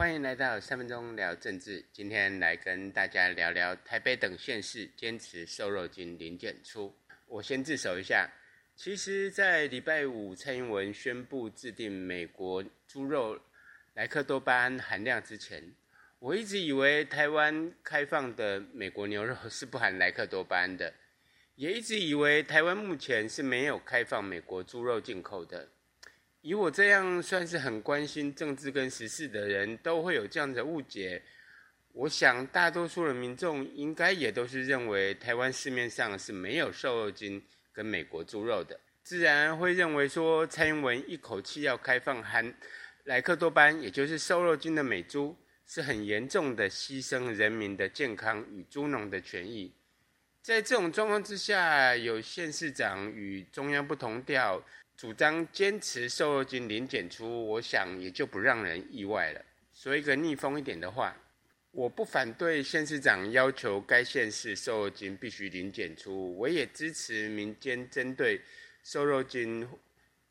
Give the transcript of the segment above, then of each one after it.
歡迎來到三分鐘聊政治。今天來跟大家聊聊台北等縣市堅持瘦肉精零檢出。我先自首一下，其實，在禮拜五蔡英文宣布制定美國豬肉萊克多巴胺含量之前，我一直以為台灣開放的美國牛肉是不含萊克多巴胺的，也一直以為台灣目前是沒有開放美國豬肉進口的。以我這樣算是很關心政治跟時事的人，都會有這樣的誤解。我想大多數的民眾應該也都是認為，台灣市面上是沒有瘦肉精跟美國豬肉的，自然會認為說，蔡英文一口氣要開放含萊克多巴胺，也就是瘦肉精的美豬，是很嚴重的犧牲人民的健康與豬農的權益。在這種狀況之下，有縣市長與中央不同調。主張堅持瘦肉精零檢出，我想也就不讓人意外了。說一個逆風一點的話，我不反對縣市長要求該縣市瘦肉精必須零檢出，我也支持民間針對瘦肉精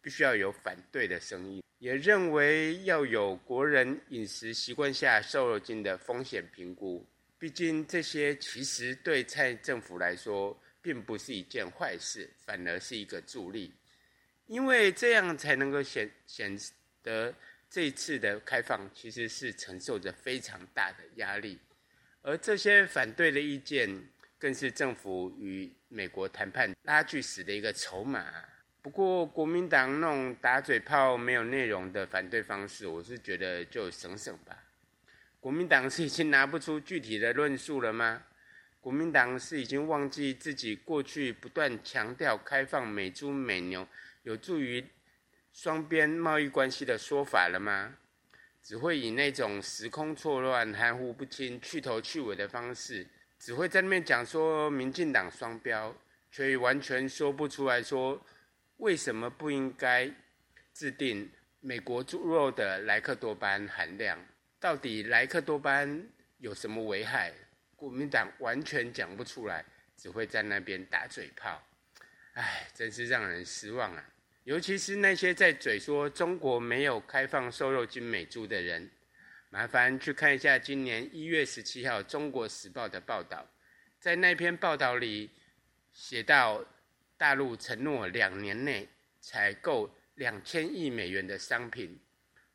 必須要有反對的聲音，也認為要有國人飲食習慣下瘦肉精的風險評估。畢竟這些其實對蔡政府來說，並不是一件壞事，反而是一個助力。因為這樣才能夠顯顯得這一次的開放其實是承受着非常大的壓力，而這些反對的意見更是政府與美國談判拉鋸時的一個籌碼。不過，國民黨那種打嘴炮沒有內容的反對方式，我是覺得就省省吧。國民黨是已經拿不出具體的論述了嗎？國民黨是已經忘記自己過去不斷強調開放美豬美牛有助於雙邊貿易關係的說法了嗎？只會以那種時空錯亂、含糊不清、去頭去尾的方式，只會在那邊講說民進黨雙標，卻完全說不出來，說為什麼不應該制定美國豬肉的萊克多巴胺含量？到底萊克多巴胺有什麼危害？國民黨完全講不出來，只會在那邊打嘴炮。唉，真是讓人失望啊！尤其是那些在嘴說中國沒有開放瘦肉精美豬的人，麻煩去看一下今年一月十七號《中國時報》的報道，在那篇報道裡寫到，大陸承諾兩年內採購兩千億美元的商品，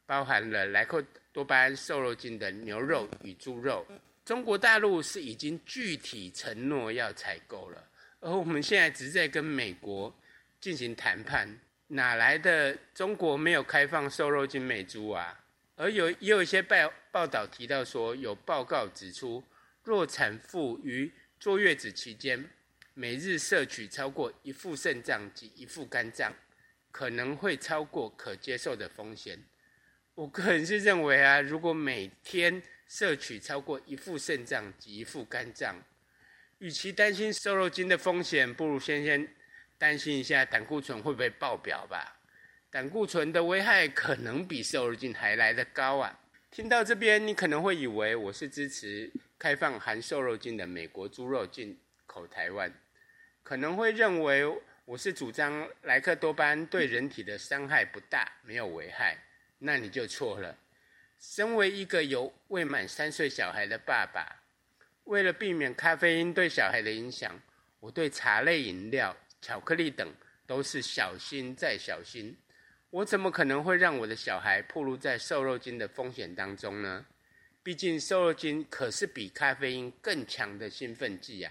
包含了萊克多巴胺瘦肉精的牛肉與豬肉。中國大陸是已經具體承諾要採購了。而我們現在只是在跟美國進行談判，哪來的中國沒有開放瘦肉精美豬啊？而有也有一些報報道提到說，有報告指出，若產婦於坐月子期間每日攝取超過一副腎臟及一副肝臟，可能會超過可接受的風險。我個人是認為啊，如果每天攝取超過一副腎臟及一副肝臟，與其擔心瘦肉精的風險，不如先先擔心一下膽固醇會不會爆表吧。膽固醇的危害可能比瘦肉精還來得高啊！聽到這邊，你可能會以為我是支持開放含瘦肉精的美國豬肉進口台灣，可能會認為我是主張萊克多巴胺對人體的傷害不大，沒有危害。那你就錯了。身為一個有未滿三歲小孩的爸爸。為了避免咖啡因對小孩的影響，我對茶類飲料、巧克力等都是小心再小心。我怎麼可能會讓我的小孩暴露在瘦肉精的風險當中呢？畢竟瘦肉精可是比咖啡因更強的興奮劑呀、啊！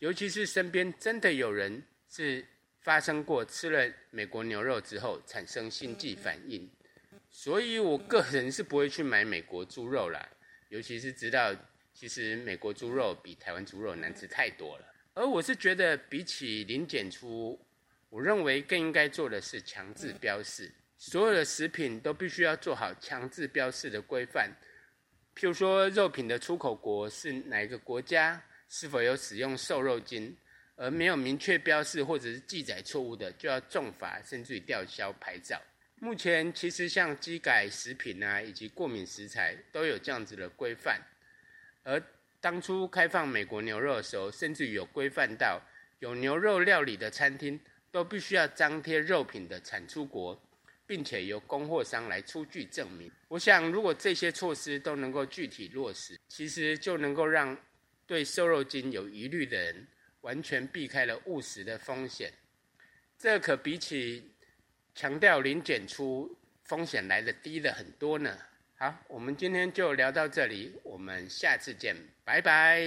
尤其是身邊真的有人是發生過吃了美國牛肉之後產生心悸反應，所以我個人是不會去買美國豬肉啦。尤其是知道。其實美國豬肉比台灣豬肉難吃太多了，而我是覺得比起零檢出，我認為更應該做的是強制標示，所有的食品都必須要做好強制標示的規範，譬如說肉品的出口國是哪一個國家，是否有使用瘦肉精，而沒有明確標示或者是記載錯誤的，就要重罰甚至於吊銷牌照。目前其實像基改食品啊，以及過敏食材都有這樣子的規範。而當初開放美國牛肉的時候，甚至有規範到，有牛肉料理的餐廳都必須要張貼肉品的產出國，並且由供貨商來出具證明。我想，如果這些措施都能夠具體落實，其實就能夠讓對瘦肉精有疑慮的人完全避開了誤食的風險。這可比起強調零檢出風險來得低了很多呢。好，我們今天就聊到這裡，我們下次見，拜拜。